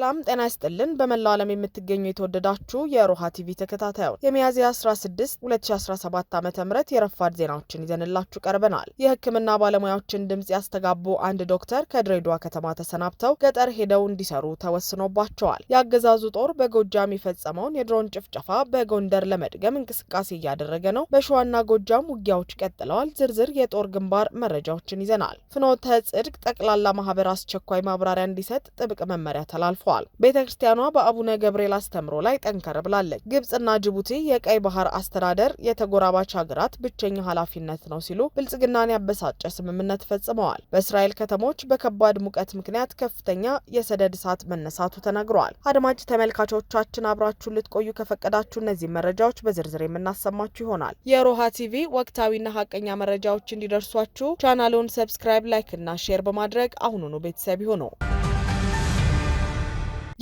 ሰላም ጤና ይስጥልን። በመላው ዓለም የምትገኙ የተወደዳችሁ የሮሃ ቲቪ ተከታታዮች የሚያዝያ 16 2017 ዓ ም የረፋድ ዜናዎችን ይዘንላችሁ ቀርበናል። የሕክምና ባለሙያዎችን ድምፅ ያስተጋቡ አንድ ዶክተር ከድሬዳዋ ከተማ ተሰናብተው ገጠር ሄደው እንዲሰሩ ተወስኖባቸዋል። የአገዛዙ ጦር በጎጃም የፈጸመውን የድሮን ጭፍጨፋ በጎንደር ለመድገም እንቅስቃሴ እያደረገ ነው። በሸዋና ጎጃም ውጊያዎች ቀጥለዋል። ዝርዝር የጦር ግንባር መረጃዎችን ይዘናል። ፍኖተ ጽድቅ ጠቅላላ ማህበር አስቸኳይ ማብራሪያ እንዲሰጥ ጥብቅ መመሪያ ተላልፏል። ተጽፏል። ቤተ ክርስቲያኗ በአቡነ ገብርኤል አስተምሮ ላይ ጠንከር ብላለች። ግብጽና ጅቡቲ የቀይ ባህር አስተዳደር የተጎራባች ሀገራት ብቸኛ ኃላፊነት ነው ሲሉ ብልጽግናን ያበሳጨ ስምምነት ፈጽመዋል። በእስራኤል ከተሞች በከባድ ሙቀት ምክንያት ከፍተኛ የሰደድ እሳት መነሳቱ ተነግሯል። አድማጭ ተመልካቾቻችን አብራችሁን ልትቆዩ ከፈቀዳችሁ እነዚህ መረጃዎች በዝርዝር የምናሰማችሁ ይሆናል። የሮሃ ቲቪ ወቅታዊና ሀቀኛ መረጃዎች እንዲደርሷችሁ ቻናሉን ሰብስክራይብ፣ ላይክ እና ሼር በማድረግ አሁኑኑ ቤተሰብ ይሁኑ።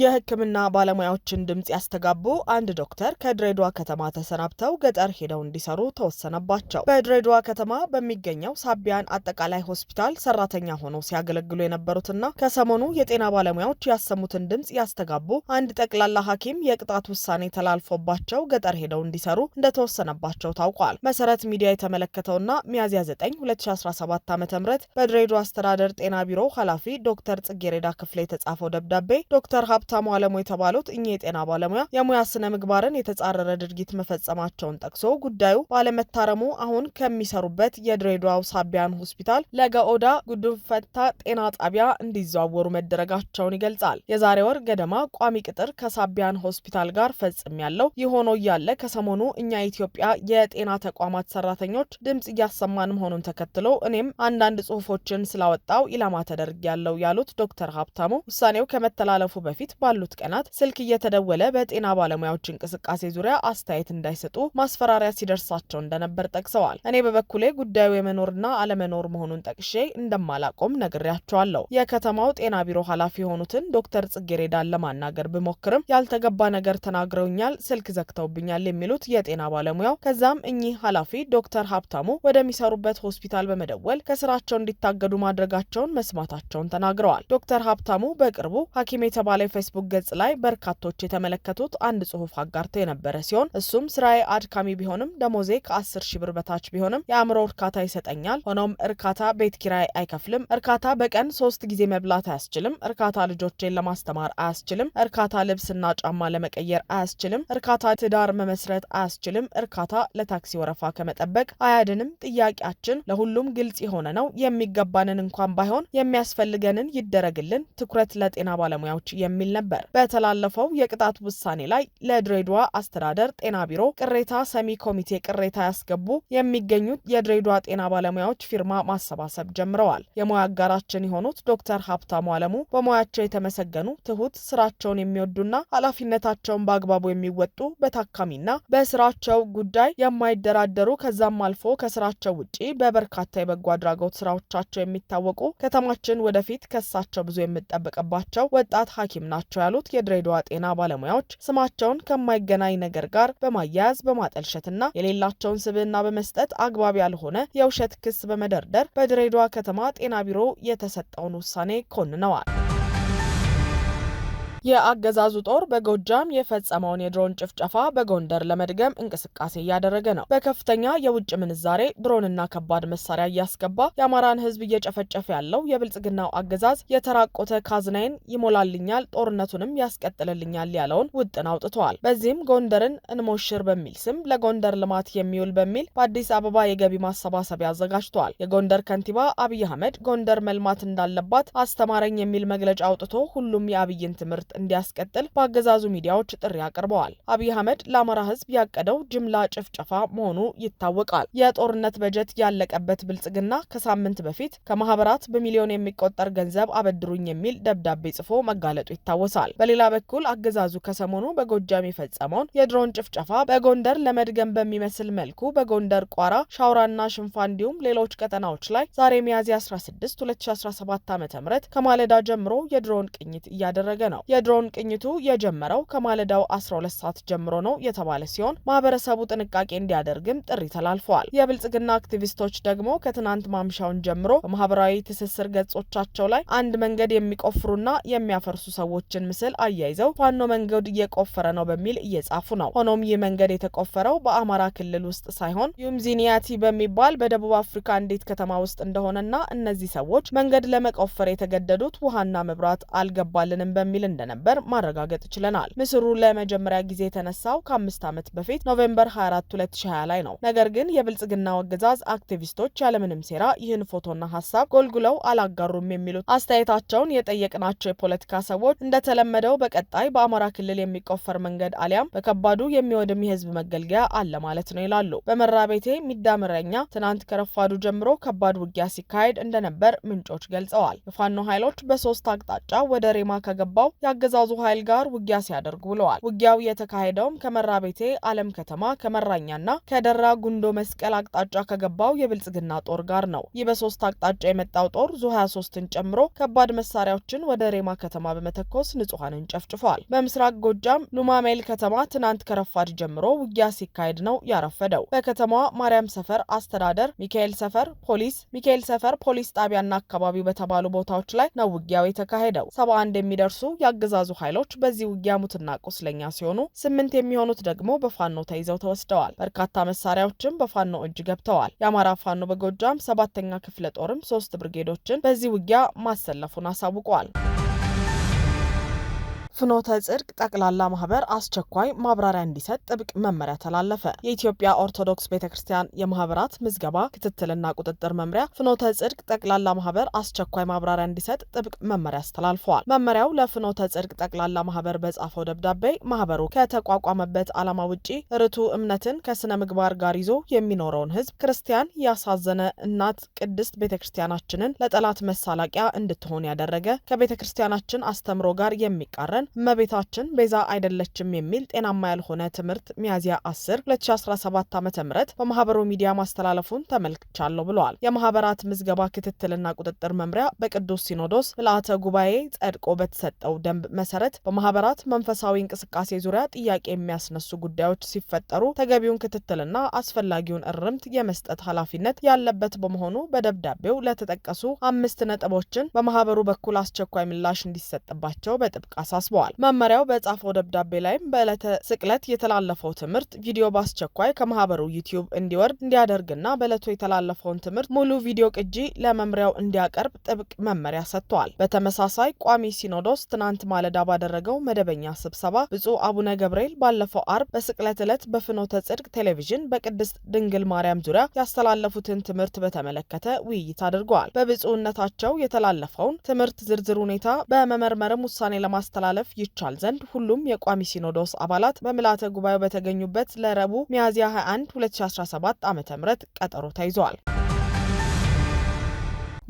የሕክምና ባለሙያዎችን ድምፅ ያስተጋቡ አንድ ዶክተር ከድሬዳዋ ከተማ ተሰናብተው ገጠር ሄደው እንዲሰሩ ተወሰነባቸው። በድሬዳዋ ከተማ በሚገኘው ሳቢያን አጠቃላይ ሆስፒታል ሰራተኛ ሆነው ሲያገለግሉ የነበሩትና ከሰሞኑ የጤና ባለሙያዎች ያሰሙትን ድምፅ ያስተጋቡ አንድ ጠቅላላ ሐኪም የቅጣት ውሳኔ ተላልፎባቸው ገጠር ሄደው እንዲሰሩ እንደተወሰነባቸው ታውቋል። መሰረት ሚዲያ የተመለከተውና ሚያዝያ 9 2017 ዓ ም በድሬዳዋ አስተዳደር ጤና ቢሮ ኃላፊ ዶክተር ጽጌሬዳ ክፍለ የተጻፈው ደብዳቤ ዶክተር ሀብት ሀብታሙ አለሙ የተባሉት እኚህ የጤና ባለሙያ የሙያ ስነ ምግባርን የተጻረረ ድርጊት መፈጸማቸውን ጠቅሶ ጉዳዩ ባለመታረሙ አሁን ከሚሰሩበት የድሬዳዋው ሳቢያን ሆስፒታል ለገኦዳ ጉድፈታ ጤና ጣቢያ እንዲዘዋወሩ መደረጋቸውን ይገልጻል። የዛሬ ወር ገደማ ቋሚ ቅጥር ከሳቢያን ሆስፒታል ጋር ፈጽም ያለው የሆኖ እያለ ከሰሞኑ እኛ የኢትዮጵያ የጤና ተቋማት ሰራተኞች ድምጽ እያሰማን መሆኑን ተከትሎ እኔም አንዳንድ ጽሁፎችን ስላወጣው ኢላማ ተደርግ ያለው ያሉት ዶክተር ሀብታሙ ውሳኔው ከመተላለፉ በፊት ባሉት ቀናት ስልክ እየተደወለ በጤና ባለሙያዎች እንቅስቃሴ ዙሪያ አስተያየት እንዳይሰጡ ማስፈራሪያ ሲደርሳቸው እንደነበር ጠቅሰዋል። እኔ በበኩሌ ጉዳዩ የመኖርና አለመኖር መሆኑን ጠቅሼ እንደማላቆም ነግሬያቸዋለሁ። የከተማው ጤና ቢሮ ኃላፊ የሆኑትን ዶክተር ጽጌሬዳን ለማናገር ብሞክርም ያልተገባ ነገር ተናግረውኛል፣ ስልክ ዘግተውብኛል የሚሉት የጤና ባለሙያው ከዛም እኚህ ኃላፊ ዶክተር ሀብታሙ ወደሚሰሩበት ሆስፒታል በመደወል ከስራቸው እንዲታገዱ ማድረጋቸውን መስማታቸውን ተናግረዋል። ዶክተር ሀብታሙ በቅርቡ ሐኪም የተባለ በፌስቡክ ገጽ ላይ በርካቶች የተመለከቱት አንድ ጽሁፍ አጋርቶ የነበረ ሲሆን እሱም ስራዬ አድካሚ ቢሆንም ደሞዜ ከአስር ሺ ብር በታች ቢሆንም የአእምሮ እርካታ ይሰጠኛል። ሆኖም እርካታ ቤት ኪራይ አይከፍልም። እርካታ በቀን ሶስት ጊዜ መብላት አያስችልም። እርካታ ልጆቼን ለማስተማር አያስችልም። እርካታ ልብስና ጫማ ለመቀየር አያስችልም። እርካታ ትዳር መመስረት አያስችልም። እርካታ ለታክሲ ወረፋ ከመጠበቅ አያድንም። ጥያቄያችን ለሁሉም ግልጽ የሆነ ነው። የሚገባንን እንኳን ባይሆን የሚያስፈልገንን ይደረግልን። ትኩረት ለጤና ባለሙያዎች የሚል ነበር። በተላለፈው የቅጣት ውሳኔ ላይ ለድሬዳዋ አስተዳደር ጤና ቢሮ ቅሬታ ሰሚ ኮሚቴ ቅሬታ ያስገቡ የሚገኙት የድሬዳዋ ጤና ባለሙያዎች ፊርማ ማሰባሰብ ጀምረዋል። የሙያ አጋራችን የሆኑት ዶክተር ሀብታሙ አለሙ በሙያቸው የተመሰገኑ ትሁት፣ ስራቸውን የሚወዱና ኃላፊነታቸውን በአግባቡ የሚወጡ በታካሚና በስራቸው ጉዳይ የማይደራደሩ ከዛም አልፎ ከስራቸው ውጪ በበርካታ የበጎ አድራጎት ስራዎቻቸው የሚታወቁ ከተማችን ወደፊት ከሳቸው ብዙ የምጠበቅባቸው ወጣት ሐኪም ናቸው ናቸው ያሉት የድሬዳዋ ጤና ባለሙያዎች ስማቸውን ከማይገናኝ ነገር ጋር በማያያዝ በማጠልሸትና የሌላቸውን ስብዕና በመስጠት አግባብ ያልሆነ የውሸት ክስ በመደርደር በድሬዳዋ ከተማ ጤና ቢሮ የተሰጠውን ውሳኔ ኮንነዋል። የአገዛዙ ጦር በጎጃም የፈጸመውን የድሮን ጭፍጨፋ በጎንደር ለመድገም እንቅስቃሴ እያደረገ ነው። በከፍተኛ የውጭ ምንዛሬ ድሮንና ከባድ መሳሪያ እያስገባ የአማራን ሕዝብ እየጨፈጨፈ ያለው የብልጽግናው አገዛዝ የተራቆተ ካዝናይን ይሞላልኛል፣ ጦርነቱንም ያስቀጥልልኛል ያለውን ውጥን አውጥተዋል። በዚህም ጎንደርን እንሞሽር በሚል ስም ለጎንደር ልማት የሚውል በሚል በአዲስ አበባ የገቢ ማሰባሰቢያ አዘጋጅተዋል። የጎንደር ከንቲባ አብይ አህመድ ጎንደር መልማት እንዳለባት አስተማረኝ የሚል መግለጫ አውጥቶ ሁሉም የአብይን ትምህርት እንዲያስቀጥል በአገዛዙ ሚዲያዎች ጥሪ አቅርበዋል። አብይ አህመድ ለአማራ ህዝብ ያቀደው ጅምላ ጭፍጨፋ መሆኑ ይታወቃል። የጦርነት በጀት ያለቀበት ብልጽግና ከሳምንት በፊት ከማህበራት በሚሊዮን የሚቆጠር ገንዘብ አበድሩኝ የሚል ደብዳቤ ጽፎ መጋለጡ ይታወሳል። በሌላ በኩል አገዛዙ ከሰሞኑ በጎጃም የፈጸመውን የድሮን ጭፍጨፋ በጎንደር ለመድገም በሚመስል መልኩ በጎንደር ቋራ፣ ሻውራና ሽንፋ እንዲሁም ሌሎች ቀጠናዎች ላይ ዛሬ ሚያዝያ 16 2017 ዓ ም ከማለዳ ጀምሮ የድሮን ቅኝት እያደረገ ነው። የድሮን ቅኝቱ የጀመረው ከማለዳው 12 ሰዓት ጀምሮ ነው የተባለ ሲሆን ማህበረሰቡ ጥንቃቄ እንዲያደርግም ጥሪ ተላልፈዋል። የብልጽግና አክቲቪስቶች ደግሞ ከትናንት ማምሻውን ጀምሮ በማህበራዊ ትስስር ገጾቻቸው ላይ አንድ መንገድ የሚቆፍሩና የሚያፈርሱ ሰዎችን ምስል አያይዘው ፋኖ መንገድ እየቆፈረ ነው በሚል እየጻፉ ነው። ሆኖም ይህ መንገድ የተቆፈረው በአማራ ክልል ውስጥ ሳይሆን ዩምዚኒያቲ በሚባል በደቡብ አፍሪካ እንዴት ከተማ ውስጥ እንደሆነና እነዚህ ሰዎች መንገድ ለመቆፈር የተገደዱት ውሃና መብራት አልገባልንም በሚል እንደ እንደነበር ማረጋገጥ ችለናል። ምስሩ ለመጀመሪያ ጊዜ የተነሳው ከአምስት ዓመት በፊት ኖቬምበር 24 2020 ላይ ነው። ነገር ግን የብልጽግናው አገዛዝ አክቲቪስቶች ያለምንም ሴራ ይህን ፎቶና ሀሳብ ጎልጉለው አላጋሩም የሚሉት አስተያየታቸውን የጠየቅናቸው የፖለቲካ ሰዎች እንደተለመደው በቀጣይ በአማራ ክልል የሚቆፈር መንገድ አሊያም በከባዱ የሚወድም የህዝብ መገልገያ አለ ማለት ነው ይላሉ። በመራ ቤቴ ሚዳምረኛ ትናንት ከረፋዱ ጀምሮ ከባድ ውጊያ ሲካሄድ እንደነበር ምንጮች ገልጸዋል። የፋኖ ኃይሎች በሶስት አቅጣጫ ወደ ሬማ ከገባው ከአገዛዙ ኃይል ጋር ውጊያ ሲያደርጉ ብለዋል። ውጊያው የተካሄደውም ከመራ ቤቴ አለም ከተማ ከመራኛና ከደራ ጉንዶ መስቀል አቅጣጫ ከገባው የብልጽግና ጦር ጋር ነው። ይህ በሶስት አቅጣጫ የመጣው ጦር ዙ 23ን ጨምሮ ከባድ መሳሪያዎችን ወደ ሬማ ከተማ በመተኮስ ንጹሐንን ጨፍጭፏል። በምስራቅ ጎጃም ሉማሜል ከተማ ትናንት ከረፋድ ጀምሮ ውጊያ ሲካሄድ ነው ያረፈደው። በከተማዋ ማርያም ሰፈር አስተዳደር፣ ሚካኤል ሰፈር ፖሊስ፣ ሚካኤል ሰፈር ፖሊስ ጣቢያና አካባቢው በተባሉ ቦታዎች ላይ ነው ውጊያው የተካሄደው። ሰባ አንድ የሚደርሱ የአገ የአገዛዙ ኃይሎች በዚህ ውጊያ ሙትና ቁስለኛ ሲሆኑ ስምንት የሚሆኑት ደግሞ በፋኖ ተይዘው ተወስደዋል። በርካታ መሳሪያዎችም በፋኖ እጅ ገብተዋል። የአማራ ፋኖ በጎጃም ሰባተኛ ክፍለ ጦርም ሶስት ብርጌዶችን በዚህ ውጊያ ማሰለፉን አሳውቋል። ፍኖተ ጽድቅ ጠቅላላ ማህበር አስቸኳይ ማብራሪያ እንዲሰጥ ጥብቅ መመሪያ ተላለፈ። የኢትዮጵያ ኦርቶዶክስ ቤተ ክርስቲያን የማህበራት ምዝገባ ክትትልና ቁጥጥር መምሪያ ፍኖተ ጽድቅ ጠቅላላ ማህበር አስቸኳይ ማብራሪያ እንዲሰጥ ጥብቅ መመሪያ አስተላልፈዋል። መመሪያው ለፍኖተ ጽድቅ ጠቅላላ ማህበር በጻፈው ደብዳቤ ማህበሩ ከተቋቋመበት ዓላማ ውጪ ርቱ እምነትን ከስነ ምግባር ጋር ይዞ የሚኖረውን ህዝብ ክርስቲያን ያሳዘነ እናት ቅድስት ቤተ ክርስቲያናችንን ለጠላት መሳላቂያ እንድትሆን ያደረገ ከቤተ ክርስቲያናችን አስተምሮ ጋር የሚቃረን እመቤታችን ቤዛ አይደለችም የሚል ጤናማ ያልሆነ ትምህርት ሚያዝያ 10 2017 ዓ ም በማህበሩ ሚዲያ ማስተላለፉን ተመልክቻለሁ ብለዋል። የማህበራት ምዝገባ ክትትልና ቁጥጥር መምሪያ በቅዱስ ሲኖዶስ ምልአተ ጉባኤ ጸድቆ በተሰጠው ደንብ መሰረት በማህበራት መንፈሳዊ እንቅስቃሴ ዙሪያ ጥያቄ የሚያስነሱ ጉዳዮች ሲፈጠሩ ተገቢውን ክትትልና አስፈላጊውን እርምት የመስጠት ኃላፊነት ያለበት በመሆኑ በደብዳቤው ለተጠቀሱ አምስት ነጥቦችን በማህበሩ በኩል አስቸኳይ ምላሽ እንዲሰጥባቸው በጥብቅ አሳስቧል። አሳስበዋል። መመሪያው በጻፈው ደብዳቤ ላይም በዕለተ ስቅለት የተላለፈው ትምህርት ቪዲዮ በአስቸኳይ ከማህበሩ ዩቲዩብ እንዲወርድ እንዲያደርግና በዕለቱ የተላለፈውን ትምህርት ሙሉ ቪዲዮ ቅጂ ለመምሪያው እንዲያቀርብ ጥብቅ መመሪያ ሰጥቷል። በተመሳሳይ ቋሚ ሲኖዶስ ትናንት ማለዳ ባደረገው መደበኛ ስብሰባ ብፁዕ አቡነ ገብርኤል ባለፈው አርብ በስቅለት ዕለት በፍኖተ ጽድቅ ቴሌቪዥን በቅድስት ድንግል ማርያም ዙሪያ ያስተላለፉትን ትምህርት በተመለከተ ውይይት አድርገዋል። በብፁዕነታቸው የተላለፈውን ትምህርት ዝርዝር ሁኔታ በመመርመርም ውሳኔ ለማስተላለፍ መሳተፍ ይቻል ዘንድ ሁሉም የቋሚ ሲኖዶስ አባላት በምልዓተ ጉባኤው በተገኙበት ለረቡዕ ሚያዝያ 21 2017 ዓ ም ቀጠሮ ተይዘዋል።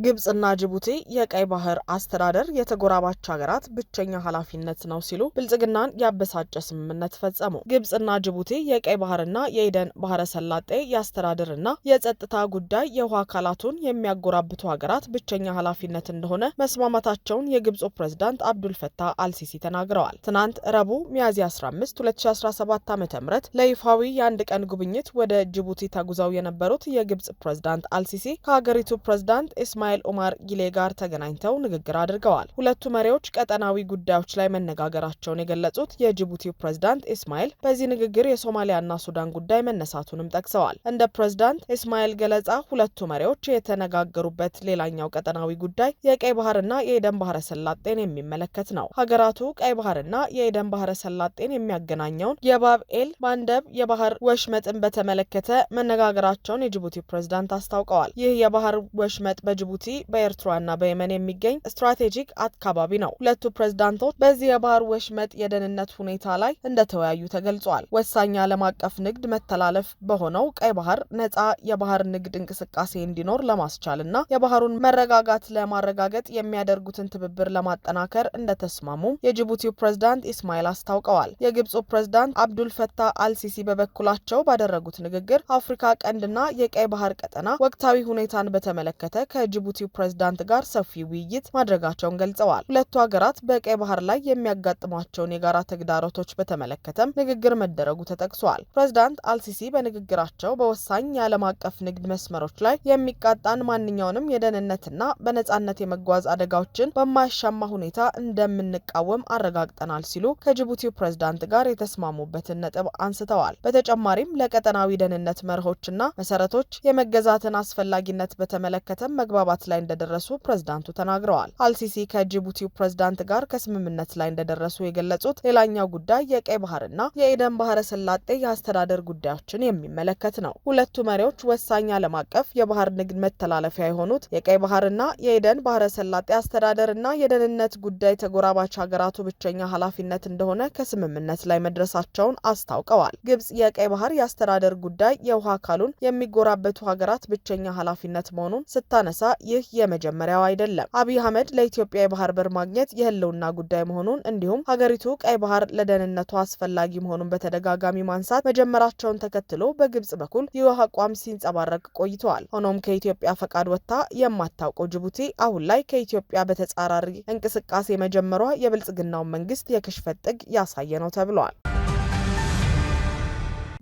ግብጽና ጅቡቲ የቀይ ባህር አስተዳደር የተጎራባች ሀገራት ብቸኛ ኃላፊነት ነው ሲሉ ብልጽግናን ያበሳጨ ስምምነት ፈጸሙ። ግብጽና ጅቡቲ የቀይ ባህርና የኢደን ባህረ ሰላጤ የአስተዳደርና የጸጥታ ጉዳይ የውሃ አካላቱን የሚያጎራብቱ ሀገራት ብቸኛ ኃላፊነት እንደሆነ መስማማታቸውን የግብፁ ፕሬዝዳንት አብዱልፈታህ አልሲሲ ተናግረዋል። ትናንት ረቡዕ ሚያዝያ 15 2017 ዓ.ም ለይፋዊ የአንድ ቀን ጉብኝት ወደ ጅቡቲ ተጉዘው የነበሩት የግብጽ ፕሬዝዳንት አልሲሲ ከሀገሪቱ ፕሬዝዳንት ኢስማ እስማኤል ኦማር ጊሌ ጋር ተገናኝተው ንግግር አድርገዋል። ሁለቱ መሪዎች ቀጠናዊ ጉዳዮች ላይ መነጋገራቸውን የገለጹት የጅቡቲው ፕሬዝዳንት ኢስማኤል በዚህ ንግግር የሶማሊያና ሱዳን ጉዳይ መነሳቱንም ጠቅሰዋል። እንደ ፕሬዝዳንት ኢስማኤል ገለጻ ሁለቱ መሪዎች የተነጋገሩበት ሌላኛው ቀጠናዊ ጉዳይ የቀይ ባህርና የኤደን ባህረ ሰላጤን የሚመለከት ነው። ሀገራቱ ቀይ ባህርና የኤደን ባህረ ሰላጤን የሚያገናኘውን የባብኤል ማንደብ የባህር ወሽመጥን በተመለከተ መነጋገራቸውን የጅቡቲ ፕሬዝዳንት አስታውቀዋል። ይህ የባህር ወሽመጥ በጅቡቲ በጅቡቲ በኤርትራና በየመን የሚገኝ ስትራቴጂክ አካባቢ ነው። ሁለቱ ፕሬዝዳንቶች በዚህ የባህር ወሽመጥ የደህንነት ሁኔታ ላይ እንደተወያዩ ተገልጿል። ወሳኝ ዓለም አቀፍ ንግድ መተላለፍ በሆነው ቀይ ባህር ነጻ የባህር ንግድ እንቅስቃሴ እንዲኖር ለማስቻልና የባህሩን መረጋጋት ለማረጋገጥ የሚያደርጉትን ትብብር ለማጠናከር እንደተስማሙም የጅቡቲው ፕሬዝዳንት ኢስማኤል አስታውቀዋል። የግብፁ ፕሬዝዳንት አብዱል ፈታህ አልሲሲ በበኩላቸው ባደረጉት ንግግር አፍሪካ ቀንድና የቀይ ባህር ቀጠና ወቅታዊ ሁኔታን በተመለከተ ከጅቡ ከጅቡቲው ፕሬዝዳንት ጋር ሰፊ ውይይት ማድረጋቸውን ገልጸዋል። ሁለቱ ሀገራት በቀይ ባህር ላይ የሚያጋጥሟቸውን የጋራ ተግዳሮቶች በተመለከተም ንግግር መደረጉ ተጠቅሷል። ፕሬዝዳንት አልሲሲ በንግግራቸው በወሳኝ የዓለም አቀፍ ንግድ መስመሮች ላይ የሚቃጣን ማንኛውንም የደህንነትና በነጻነት የመጓዝ አደጋዎችን በማያሻማ ሁኔታ እንደምንቃወም አረጋግጠናል ሲሉ ከጅቡቲው ፕሬዝዳንት ጋር የተስማሙበትን ነጥብ አንስተዋል። በተጨማሪም ለቀጠናዊ ደህንነት መርሆችና መሰረቶች የመገዛትን አስፈላጊነት በተመለከተም መግባባት ስምምነት ላይ እንደደረሱ ፕሬዝዳንቱ ተናግረዋል። አልሲሲ ከጅቡቲው ፕሬዝዳንት ጋር ከስምምነት ላይ እንደደረሱ የገለጹት ሌላኛው ጉዳይ የቀይ ባህርና የኤደን ባህረ ሰላጤ የአስተዳደር ጉዳዮችን የሚመለከት ነው። ሁለቱ መሪዎች ወሳኝ ዓለም አቀፍ የባህር ንግድ መተላለፊያ የሆኑት የቀይ ባህርና የኤደን ባህረ ሰላጤ አስተዳደርና የደህንነት ጉዳይ ተጎራባች ሀገራቱ ብቸኛ ኃላፊነት እንደሆነ ከስምምነት ላይ መድረሳቸውን አስታውቀዋል። ግብጽ የቀይ ባህር የአስተዳደር ጉዳይ የውሃ አካሉን የሚጎራበቱ ሀገራት ብቸኛ ኃላፊነት መሆኑን ስታነሳ ይህ የመጀመሪያው አይደለም። አብይ አህመድ ለኢትዮጵያ የባህር በር ማግኘት የህልውና ጉዳይ መሆኑን እንዲሁም ሀገሪቱ ቀይ ባህር ለደህንነቱ አስፈላጊ መሆኑን በተደጋጋሚ ማንሳት መጀመራቸውን ተከትሎ በግብጽ በኩል ይህ አቋም ሲንጸባረቅ ቆይተዋል። ሆኖም ከኢትዮጵያ ፈቃድ ወጥታ የማታውቀው ጅቡቲ አሁን ላይ ከኢትዮጵያ በተጻራሪ እንቅስቃሴ መጀመሯ የብልጽግናውን መንግስት የክሽፈት ጥግ ያሳየ ነው ተብሏል።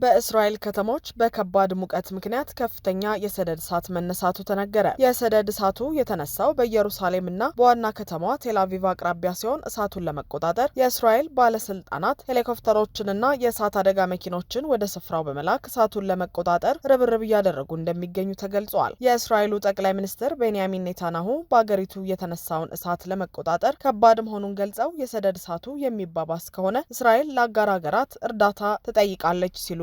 በእስራኤል ከተሞች በከባድ ሙቀት ምክንያት ከፍተኛ የሰደድ እሳት መነሳቱ ተነገረ። የሰደድ እሳቱ የተነሳው በኢየሩሳሌምና በዋና ከተማዋ ቴላቪቭ አቅራቢያ ሲሆን እሳቱን ለመቆጣጠር የእስራኤል ባለስልጣናት ሄሊኮፕተሮችንና የእሳት አደጋ መኪኖችን ወደ ስፍራው በመላክ እሳቱን ለመቆጣጠር ርብርብ እያደረጉ እንደሚገኙ ተገልጿል። የእስራኤሉ ጠቅላይ ሚኒስትር ቤንያሚን ኔታናሁ በአገሪቱ የተነሳውን እሳት ለመቆጣጠር ከባድ መሆኑን ገልጸው የሰደድ እሳቱ የሚባባስ ከሆነ እስራኤል ለአጋር ሀገራት እርዳታ ትጠይቃለች ሲሉ